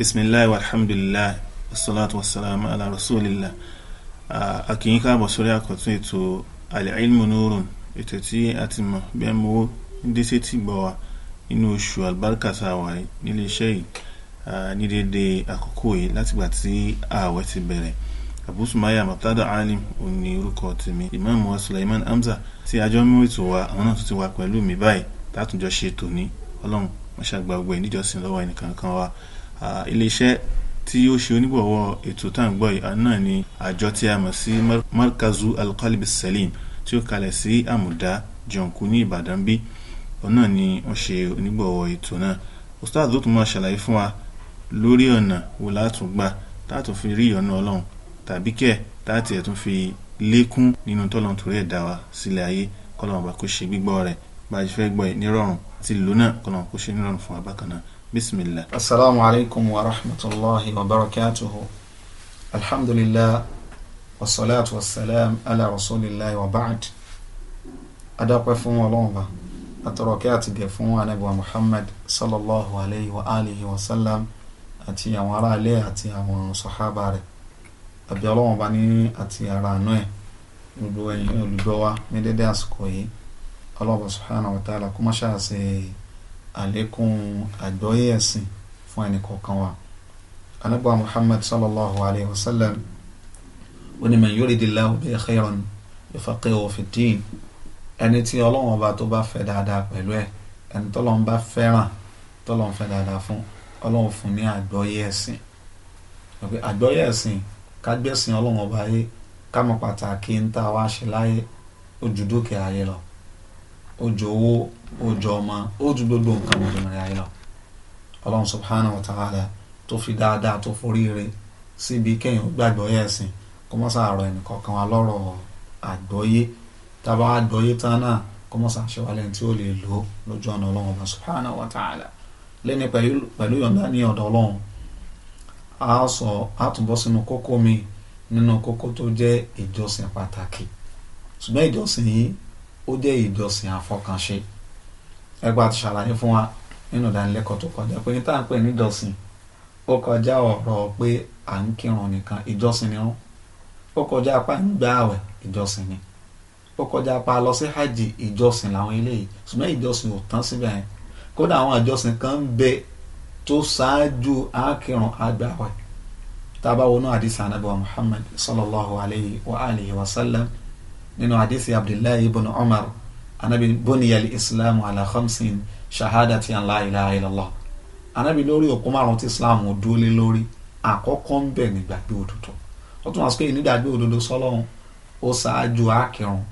bisimilahi alhamdulilahi wasalaatu wasalaamu ala rasulillah a kí yín káàbọ̀ sórí àkọ́tún ètò al-ilmu nurun ètò tí a ti mọ̀ bí a mọ̀ dé sí ti gbọ́ wa nínú oṣù albarka tá a wà nílé iṣẹ́ yìí ní dédé àkókò yìí látìgbà tí ààwẹ̀ ti bẹ̀rẹ̀ Abu Sumaya mọ̀tádà alim òní orúkọ tèmi imam wa Sulaiman Hamza tí a jọ mú ètò wa àwọn náà tún ti wà pẹ̀lú mi báyìí látúnjọ ṣe tòní ọlọ́run wọ́n ṣàgbà gbogbo ìníjọsìn lọ́wọ́ ẹnìkan kan wa iléeṣẹ́ tí ó ṣe onígbọ̀wọ́ ètò tá à ń gbọ́ yìí náà ni àjọ tí a mọ̀ sí markazu alqalib salim tí ó kalẹ̀ sí àmùdá jọ̀ǹkú ní ìbàdàn bí òun náà ni wọ́n ṣe onígbọ̀wọ́ ètò náà ustaz ló tún máa ṣàlàyé fún wa lórí ọ̀nà wo látún gbà táàtún fi rí ìyọ́nú ọlọ́run tàbí kẹ̀ táàtì ẹ̀ tún fi lékún nínú tọ́lọ́n torí ẹ̀ wa sílẹ̀ ayé kọ́lọ́mọba kó ṣe gbígbọ́ rẹ̀ bá a ṣe fẹ́ gbọ́ ẹ̀ nírọ̀rùn àti ìlú náà kó ṣe nírọ̀rùn fún wa náà بسم الله السلام عليكم ورحمة الله وبركاته الحمد لله والصلاة والسلام على رسول الله وبعد أدق فون ولومبا أتركات جفون نبي محمد صلى الله عليه وآله وسلم أتي وراء لي أتي صحابة أبي الله بني أتي أرانوه olùgbọ́ wa ní dédé àsìkò yìí Allah subhanahu wa ta'ala kó má àlékún àgbọ́yé ẹ̀sìn fún ẹnìkọ̀ọ̀kan wa anábọ̀ muhammad sallallahu alayhi wa sallam ó ní man yuridillahu bihi khayran yufaqihu fid-din ẹni tí ọlọ́run ọba tó bá fẹ́ dáadáa pẹ̀lú ẹ̀ ẹni tọ́lọ́run bá fẹ́ràn tọ́lọ́run fẹ́ dáadáa fún ọlọ́run fún ní àgbọ́yé ẹ̀sìn àgbọ́yé ẹ̀sìn kágbẹ́sìn ọlọ́run ọba yé ká mọ̀ pàtàkì ń tá wá ṣe láyé ó dúkìá ayé lọ ó jọ owó ó jọ ọmọ ó ju gbogbo nǹkan mọ̀tòmọ̀rẹ́ ayé lọ ọlọ́run subhanahu wa ta'ala tó fi dáadáa tó forí re síbi kéèyàn gbàgbọ́ yẹ̀ sìn kó mọ́ sàárọ̀ ẹnìkọ̀ọ̀kan wa lọ́rọ̀ àgbọ́yé tábà àgbọ́yé tán náà kó mọ́ tí ó lè lò lójú ọ̀nà ọlọ́run ọba subhanahu wa ta'ala lẹ́ni pẹ̀lú yọ̀ǹda ní ọ̀dọ̀ ọlọ́run a sọ a tún bọ́ sínú kókó mi nínú kókó tó jẹ́ ìjọsìn pàtàkì ṣùgbọ́n ìjọsìn yìí ó jẹ́ ìjọsìn àfọkànṣe ẹgbẹ́ àti ṣàlàyé fún wa nínú ìdánilẹ́kọ̀ọ́ tó kọjá pé ní táà ń pè ní o ó kọjá pe a à ń kírun nìkan ìjọsìn ni rún ó kọjá apá ń gba àwẹ̀ ìjọsìn ni ó kọjá apá lọ sí hajj ìjọsìn làwọn eléyìí ṣùgbọ́n ìjọsìn ò tán síbẹ̀ yẹn kódà àwọn ìjọsìn kan ń bẹ tó ṣáájú àákírun àgbàwẹ̀ tábà wọnú àdìsá anábọ̀ Muhammad sallallahu alayhi wa alihi wa sallam nínú hadisi abdullahi ibn umar anabi boniyal islam ala khamsin shahadati an la ilaha illallah anabi lórí òkú márùn tí islam ò dúró lé lórí àkọ́kọ́ ń bẹ̀ nígbàgbé òdodo ó tún wá sí pé ìnígbàgbé òdodo sọlọ́run ó ṣáájú àkẹrùn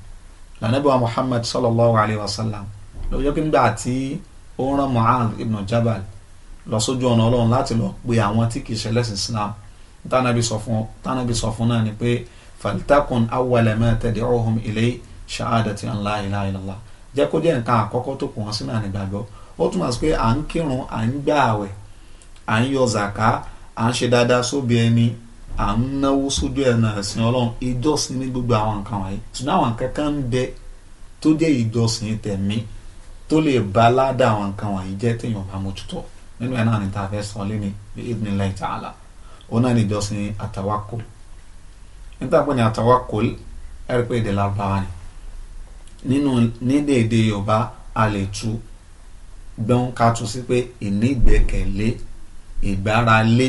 lànàbí wa muhammad sallallahu alayhi wa sallam lọ́jọ́ pé nígbà tí ó rán mu'adh ibn jabal lọ sójú ọ̀nà ọlọ́run láti lọ pe àwọn tí kì í ṣẹlẹ́sìn islam tánàbí sọ fún náà ni pé falitakun awalẹ̀mẹ́ tẹ̀dẹ̀ ọ̀hún ilé ṣahadati la ilaha illallah jẹ́ kó jẹ́ nǹkan àkọ́kọ́ tó kù wọ́n sínú ànígbàgbọ́ ó túmọ̀ sí pé à ń kírun à ń gbà àwẹ̀ à ń yọ zàká à ń ṣe dáadáa sóbi ẹni à ń náwó sójú ẹ̀nà ẹ̀sìn ọlọ́run ìjọsìn ní gbogbo àwọn nǹkan wọ̀nyí ṣùgbọ́n àwọn nǹkan kan ń bẹ tó jẹ́ ìjọsìn tẹ̀mí tó lè bá ládà àwọn nǹkan wọ̀nyí jẹ́ téèyàn bá mójútó nínú ẹ̀ náà ni tá a fẹ́ sọ níta pé ní àtàwákùl ẹ̀rí pé èdè lárúbáwá ni nínú nídè èdè yorùbá a lè tu gbẹ̀hún ká tu sí pé ìnígbẹ́kẹ̀lé ìgbáralé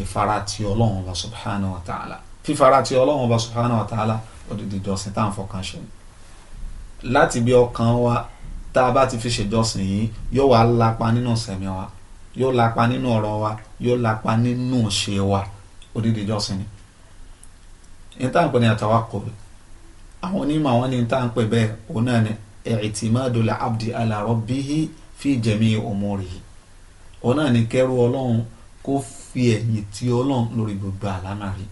ìfaratì ọlọ́run ọba subhanahu wa ta'ala fífaratì ọlọ́run ọba subhanahu wa ta'ala odidi ìjọsìn tá à ń fọkàn ṣe ni láti bí ọkàn wa tá a bá ti fi ṣèjọsìn yìí yóò wá lápa nínú sẹ̀mí wa yóò lápa nínú ọ̀rọ̀ wa yóò lápa nínú ṣe wa odidi ìjọsìn ni ìtànpẹ̀ ní àtàwákọ̀ àwọn onímọ̀ àwọn ní ìtànpẹ̀ bẹ́ẹ̀ òun náà ni i'timadul abdi ala rabbihi fi jami umurihi òun náà ni kẹ́rù ọlọ́run kó fi ẹ̀yìn tí ọlọ́run lórí gbogbo àlámàrí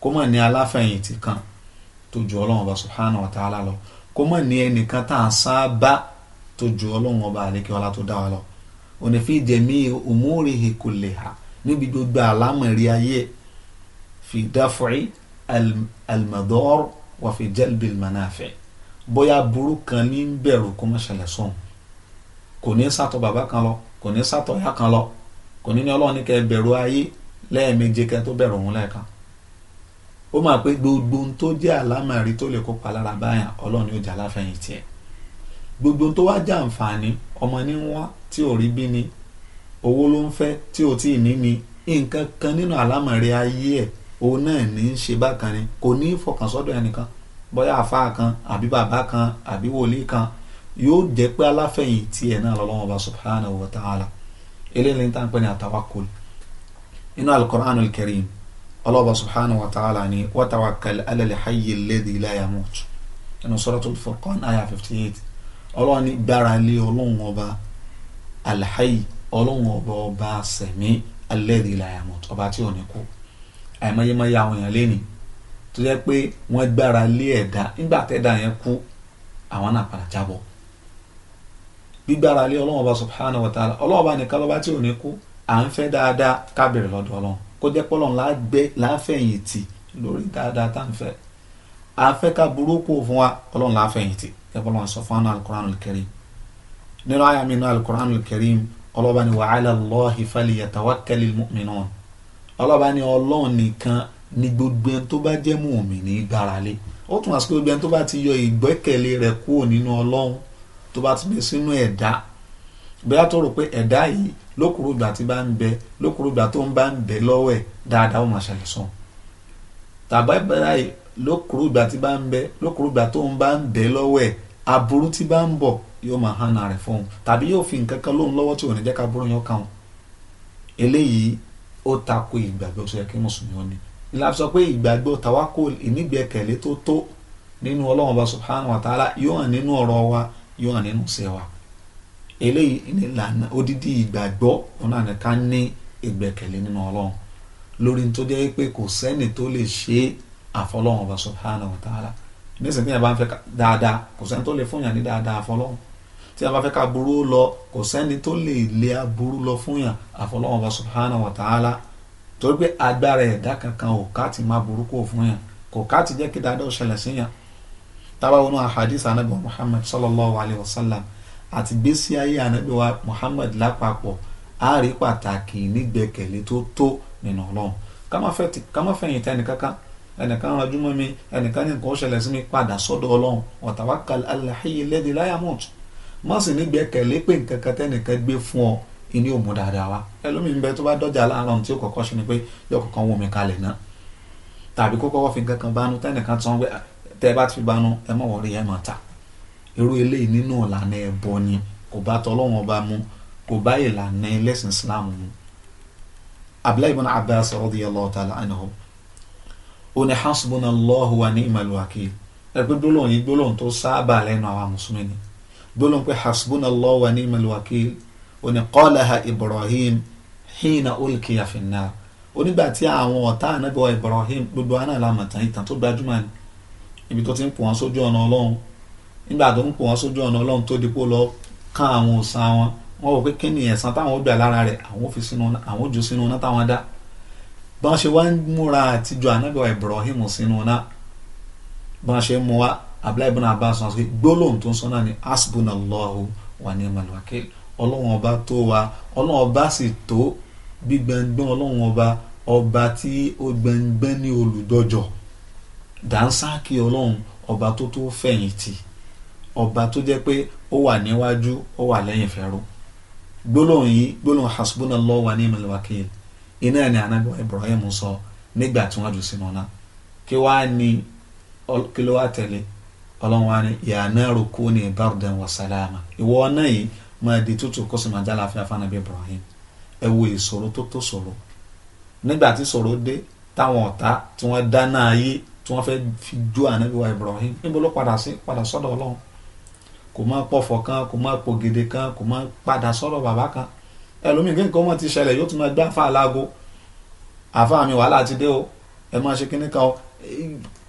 kó mọ̀ ní aláfẹ̀yìntì kan tó ju ọlọ́run ọba subhanahu wa ta'ala lọ kó mọ̀ ní ẹnìkan tá à ń sábà tó ju ọlọ́run ọba àlékè ọlá tó dá wa lọ òní fi jẹ̀mí umurihi kulliha níbi gbogbo àlámàrí almador wà fi jalbil manafi bóyá burú kan ní bẹ̀rù kó má ṣẹlẹ̀ sóun kò ní sàtọ̀ bàbá kan lọ kò ní sàtọ̀ ìyá kan lọ kò ní ní ọlọ́run ní kẹ́ bẹ̀rù ayé lẹ́ẹ̀meje kẹ́ tó bẹ̀rù òun lẹ́ẹ̀kan ó máa pé gbogbo ohun tó jẹ́ àlámàrí tó lè kópa lára báyàn ọlọ́run yóò jà láfẹ̀yìn tiẹ̀ gbogbo ohun tó wá jẹ́ àǹfààní ọmọ ní wá tí ò rí bí ni owó ló ń fẹ́ tí ò tí ì ní ni nǹkan kan nínú àlámàrí ayé ẹ̀ òun náà ní í ṣe bákan ni kò ní fọkàn sọ́dọ̀ ẹnìkan bóyá àfáà kan àbí bàbá kan àbí wòlíì kan yóò jẹ́ pé aláfẹ̀yìn tiẹ̀ náà lọ́lọ́wọ́ bá subhanahu wa ta'ala eléyìí ní tàǹpẹ́ ní àtàwákùl inú al-Qur'an al-Karim ọlọ́wọ́ subhanahu wa ta'ala ni wa tawakkal ala al-hayyi alladhi la yamut inú suratul Furqan aya fifty eight ọlọ́wọ́ ni gbára lé ọlọ́wọ́ ọba al ọba sẹ̀mí alladhi la yamut ọba tí ò ní kú àìmọyémọyé àwọn èèyàn lénìí tó jẹ́ pé wọ́n gbára lé ẹ̀dá nígbà tẹ́dá yẹn kú àwọn náà padà jábọ̀ gbígbára lé ọlọ́wọ́n bá subhanahu wa ta'ala ọlọ́wọ́n bá nìkan lọ́ba tí ò ní kú à ń fẹ́ dáadáa ká bẹ̀rẹ̀ lọ́dọ̀ ọlọ́run kó jẹ́ pọ́lọ́n lágbẹ́ láfẹ̀yìntì lórí dáadáa tá à ń fẹ́ à ń fẹ́ ká burúkú fún wa ọlọ́run láfẹ̀yìntì jẹ́ pọ́lọ́n sọ fún àná al-Qur'anul nínú àyà mi nínú al-Qur'anul Karim ọlọ́ba ni wa 'ala Allahi falyatawakkalil mu'minun ọlọ́ba ni ọlọ́run nìkan ni gbogbo ẹni tó bá jẹ́ mùmínì gbáralé ó tún wá sí gbogbo ẹni tó bá ti yọ ìgbẹ́kẹ̀lé rẹ̀ kúrò nínú ọlọ́run tó bá ti gbé sínú ẹ̀dá bóyá tó rò pé ẹ̀dá yìí lókùrú ìgbà tí bá ń bẹ lókùrú ìgbà tó ń bá ń bẹ lọ́wọ́ ẹ̀ dáadáa ó máa ṣẹlẹ̀ sàn aburú tí bá ń bọ̀ yóò máa hànà rẹ̀ fún un tàbí yóò fi nǹkan kan lóhun lọ́wọ́ tí ò ní jẹ́ ká burú yàn kàn eléyìí ó tako ìgbàgbọ́ tó yẹ kí mùsùlùmí ó ní ìlànà sọ pé ìgbàgbọ́ tawakol ìnígbẹ́kẹ̀lé tó tó nínú ọlọ́run ọba subhanahu wa ta'ala yóò hàn nínú ọ̀rọ̀ wa yóò hàn nínú iṣẹ́ wa eléyìí ní ìlànà odidi ìgbàgbọ́ òun náà nìkan ní ìgbẹ́kẹ̀lé nínú ọlọ́run lórí tó jẹ́ pé kò sẹ́ni tó lè ṣe àfọlọ́run ọba subhanahu wa ta'ala nísìnyí tí bá ń fẹ́ dáadáa kò sẹ́ni tó lè fún yàn ní dáadáa àfọlọ́run tí a bá fẹ́ ká burú lọ kò sẹ́ni tó lè lé aburú lọ fún yàn àfọlọ́wọ́n bá subhanahu wa ta'ala torí pé agbára ẹ̀dá kankan ò ká ti máa burú fún yàn kò ká ti jẹ́ kí dáadáa ó ṣẹlẹ̀ sí yàn tábà wọnú ahadith anabi muhammad sallallahu alayhi wa sallam àti gbésí ayé anabi wa muhammad lápapọ̀ á rí pàtàkì nígbẹ́kẹ̀lé tó tó nínú ọlọ́run ká má fẹ̀yìn tẹ́ ẹnìkankan ẹnìkan ránjú mọ́ mi ẹnìkan ní nǹkan ó ṣẹlẹ̀ sí mi padà sọ́dọ̀ ọlọ́run wa tawakkal alal hayy alladhi má sì ní gbẹ́kẹ̀lé pé nǹkan kan tẹ́nìkan gbé fún ọ ìní òmù dáadáa wa ẹlòmíì ń bẹ tó bá dọ́jà láàárọ̀ tí ó kọ́kọ́ ṣe ni pé yóò kọ́kọ́ wọmi kalẹ̀ náà tàbí kó kọ́kọ́ fi nǹkan kan bánú tẹ́nìkan tán tẹ́ bá ti fi bánú ẹ mọ̀ wọ́n rí ẹ mọ̀ ta irú eléyìí nínú ìlànà ẹ̀bọ ni kò bá tọ́lọ́wọ́n bá mu kò bá ìlànà ẹlẹ́sìn Islam mu Abdullahi ibn Abbas radiyallahu ta'ala anhu ó ní hasbunallahu wa ni'mal wakil ẹgbẹ́ gbólóhùn yìí gbólóhùn tó sábà lẹ́nu àwa mùsùlùmí gbólóhùn pé hasbunallahu wa ni'mal wakil ó ní qalaha ibrahim hina ulqiya finnar onígbà tí àwọn ọ̀tá ànábì wa ibrahim gbogbo aná làmọ̀tán ìtàn tó gbajúmọ̀ ni ibi tó ti ń pò wọ́n sójú ọ̀nà ọlọ́run nígbà tó ń pò wọ́n sójú ọ̀nà ọlọ́run tó di pò lọ kán àwọn òòsàn wọn wọn wò pé kí ni ẹ̀san táwọn ó gbà lára rẹ̀ àwọn ò jù sínú iná táwọn dá bọ́n ṣe wá ń múra àtijọ́ ànábì wa ibrahim sínú iná bọ́n ṣe mú wa abdullahi ibn abbas wọn sọ pé gbólóhùn tó ń sọ náà ni asbunallahu wa ni'mal wakil ọlọ́run ọba tó wa ọlọ́run ọba sì tó gbígbẹ́ngbẹ́n ọlọ́run ọba ọba tí ó gbẹ́ngbẹ́n ní olùdọ́jọ́ dànsáàkì ọlọ́run ọba tó tó fẹ̀yìntì ọba tó jẹ́ pé ó wà níwájú ó wà lẹ́yìn fẹ́rú gbólóhùn yìí gbólóhùn hasbunallahu wa ni'mal wakil iná ni anabi ibrahim sọ nígbà tí wọ́n jù sínú náà kí wàá ní kí ló wá tẹ̀lé ọlọ́run wa ni ìyànà roko ni bardan wa salama ìwọ ọ̀nà yìí máa di tútù kó sì máa jẹ́ àlàáfíà fún anabi ibrahim ẹ wo ìṣòro tó tó ṣòro nígbà tí ṣòro dé táwọn ọ̀tá tí wọ́n dáná ayé tí wọ́n fẹ́ fi ju anabi wa ibrahim níbo ló padà sí padà sọ́dọ̀ ọlọ́run kò máa pọ̀fọ̀ kan kò máa pògede kan kò máa padà sọ́dọ̀ bàbá kan ẹlòmíì kí nǹkan ọmọ ti ṣẹlẹ̀ yóò tún máa gbá àfa àlágo àfa mi wàhálà ti dé o ẹ máa ṣe kíní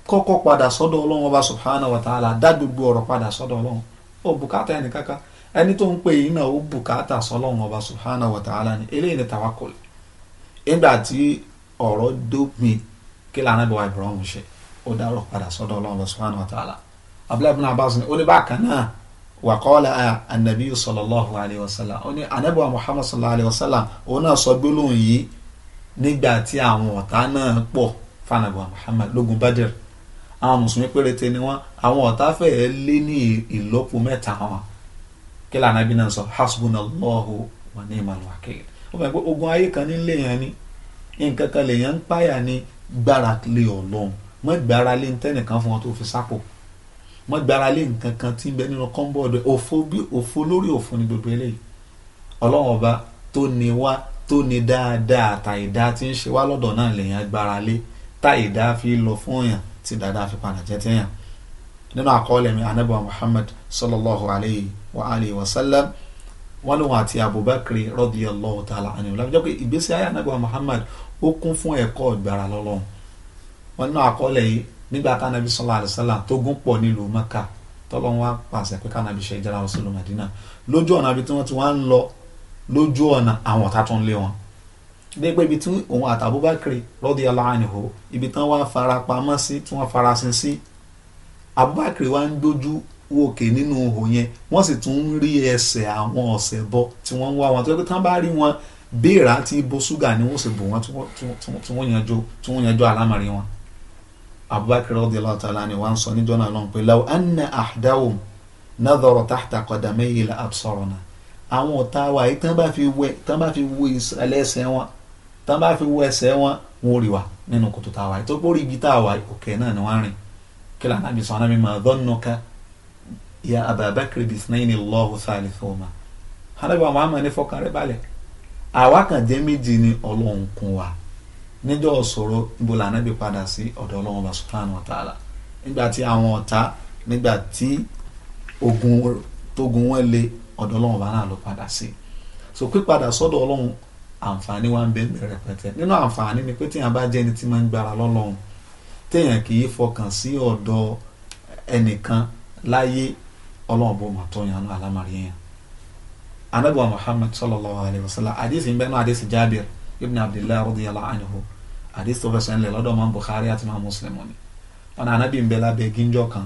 kọ́kọ́ padà sọ́dọ̀ ọlọ́run ọba subhanahu wa ta'ala dá gbogbo ọ̀rọ̀ padà sọ́dọ̀ ọlọ́run ó bùkátà ẹnì kankan ẹni tó ń pè yín náà ó bùkátà sọ́lọ́run ọba subhanahu wa ta'ala ni eléyìí ni tawakkul nígbà tí ọ̀rọ̀ dópin kí lànà bí wa Ibrahim ṣe ó dárò padà sọ́dọ̀ ọlọ́run ọba subhanahu wa ta'ala Abdullahi ibn Abbas ni ó ní bákan náà wa qala anabi sallallahu alayhi wa àwọn mùsùlùmí péréte ni wọ́n àwọn ọ̀tá fẹ́ẹ́ lé ní ìlọ́po mẹ́ta wọn kí lànà bí náà sọ hasbunallahu wa ni'mal wakil ó bẹ̀rẹ̀ pé ogun ayé kan nílé yẹn ni nǹkan kan lèèyàn ń páyà ni gbára lé ọlọ́run mọ́ gbára lé ntẹ́nìkan fún wọn tó fi sápò mọ́ gbára lé nǹkan kan tí ń bẹ nínú kọ́ńbọ̀dù òfo bí òfo lórí òfo ni gbogbo eléyìí ọlọ́run ọba tó ní wá tó ní dáadáa tàìdá tí ń ṣe wá lọ́dọ̀ náà lèèyàn gbára lé tàìdá fi lọ fún yàn tí dáadáa fi padà jẹ́ tẹ́yàn nínú àkọọ́lẹ̀ mi anabi wa muhammad sallallahu alayhi wa alayhi wa sallam wọn ni wọn àti abubakar radiyallahu ta'ala anhu lábẹ́jọ́ pé ìgbésí ayé anabi wa muhammad ó kún fún ẹ̀kọ́ ìgbàrà lọ́lọ́run wọn nínú àkọọ́lẹ̀ yìí nígbà tá anabi sallallahu alayhi wa sallam tó gún pọ̀ nílùú maka tọ́lọ́ wọn pàṣẹ pé kánabi ṣe ìjára wọn sílùú madina lójú ọ̀nà àbí tí wọ́n ti wá ń lọ lójú ọ̀nà àwọn ọ̀tá tó ń lé wọn dẹ́gbẹ́ ibi tí òun àti Abubakar radiyallahu anhu ibi tán wá fara pamọ́ sí tí wọ́n farasin sí Abubakar wá ń dojú wòkè nínú ihò yẹn wọ́n sì tún ń rí ẹsẹ̀ àwọn ọ̀sẹ̀ bọ tí wọ́n ń wá wọn tó yẹ pé tán bá rí wọn béèrà àti ibo ṣúgà ni wọ́n sì bò wọ́n tí wọ́n yanjú tí wọ́n yanjú àlámọ̀rí wọn. Abubakar radiyallahu ta'ala ni wọ́n sọ níjọ́ náà lọ́nà pé law anna ahdahum nadhara tahta qadamayhi la absarana àwọn ọ̀tá wa yìí tán bá fi wẹ̀ tán bá fi wo ìsàlẹ̀ ẹsẹ̀ wọn tán bá fi wo ẹsẹ wọn wọn ò rí wa nínú kòtò tá a wà yìí tó pé orí igi tá a wà yìí òkè náà ni wọ́n rìn sọ anábì máa ya ababakar bi sinayin anábì ní fọkàn rẹ balẹ̀ àwa kan jẹ́ méjì ni ọlọ́run kún wa níjọ́ la anábì padà sí ọ̀dọ̀ ọlọ́run bá nígbà tí àwọn ọ̀tá so pípadà sọ́dọ̀ ọlọ́run àǹfààní wa ń bẹ rẹpẹtẹ nínú àǹfààní ni pé téèyàn bá jẹ́ ẹni tí máa ń gbára lọ́lọ́run téèyàn kì í fọkàn sí ọ̀dọ̀ ẹnìkan láyé ọlọ́run bó máa tọ́ yàn án alámàrí yẹn anabiwa muhammad sallallahu alayhi wa sallam adiisi nbẹ náà adiisi jaabir ibn abdullahi radiyallahu anhu adiisi tó fẹsẹ̀ ńlẹ̀ lọ́dọ̀ máa bukhari àti máa muslim ni ọ̀nà anabi nbẹ lábẹ́ gíńjọ kan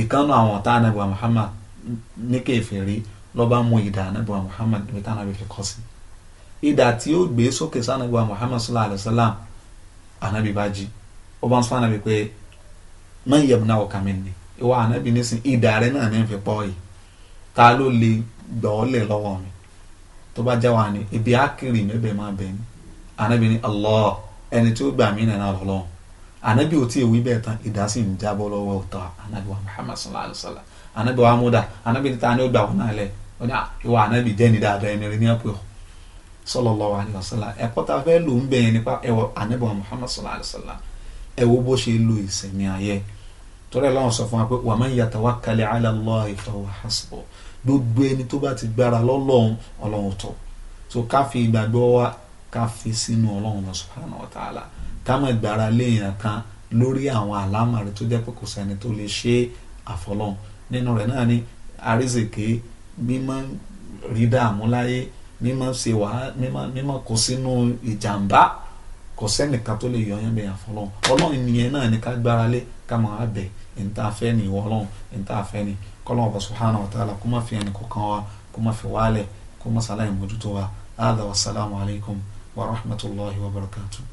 ìkànnù àwọn ọ̀tá anabiwa muhammad ní kẹfẹ́ rí lọ́ba mú ìdá anabiwa muhammad níbi tá anabi fi kọ́ sí idà tí ó gbé sókè sànàgbà muhammad sallallahu alayhi wa sallam anabi bá jí ó bá ń sọ anabi pé man yamna'uka minni ìwọ anabi nísìn idà rẹ náà ní fi pọ́ yìí ta ló lè gbọ́ ọ́ lè lọ́wọ́ mi tó bá jẹ́ wà ní ibi ákìrì mẹ́bẹ̀ẹ́ máa bẹ̀ ni anabi ní allah ẹni tí ó gbà mí nìyẹn lọ́lọ́run anabi ò tí ì wí bẹ́ẹ̀ tán idà sì ń jábọ́ lọ́wọ́ ọ̀tá anabi wa muhammad sallallahu alayhi wa sallam anabi wa amuda anabi ta ni ó gbà wọn náà lẹ ah, ìwọ sallallahu alayhi wa sallam ẹ̀kọ́ tá a fẹ́ lò ń bẹ̀ yẹn nípa ẹ̀wọ̀ anábọ̀ muhammad sallallahu alayhi wa sallam ẹ wo bó ṣe lo ìsẹ̀mí ayé torí ẹ̀ láwọn sọ fún wa pé wa man yatawakkal ala Allahi fahuwa hasbuh gbogbo ẹni tó bá ti gbára lọ́lọ́run ọlọ́run tó so ká fi ìgbàgbọ́ wa ká fi sínú ọlọ́run subhanahu wa ta'ala ká má gbára léèyàn kan lórí àwọn àlámọ̀rí tó jẹ́ pé kò sẹ́ni tó lè ṣe àfọlọ́run nínú rẹ̀ náà ni àrísìkí mímọ́ rí dààmú láyé mímọ́ ṣe wàá mímọ́ mímọ́ kò sínú ìjàmbá kò sẹ́nìkan tó lè yọyàn bẹ̀yà fọlọ́n ọlọ́run nìyẹn náà ní ká gbára lé ká máa bẹ̀ níta afẹ́ ni ìwọ ọlọ́run níta afẹ́ ni kọ́lọ́n ọba subhanahu wa ta'ala kó má fi ẹnì kọ̀ọ̀kan wa kó má fi wálẹ̀ kó má sàlàyé mójútó wa aláàdá wa sàlámù alaykum wa rahmatulahi wa barakatuh.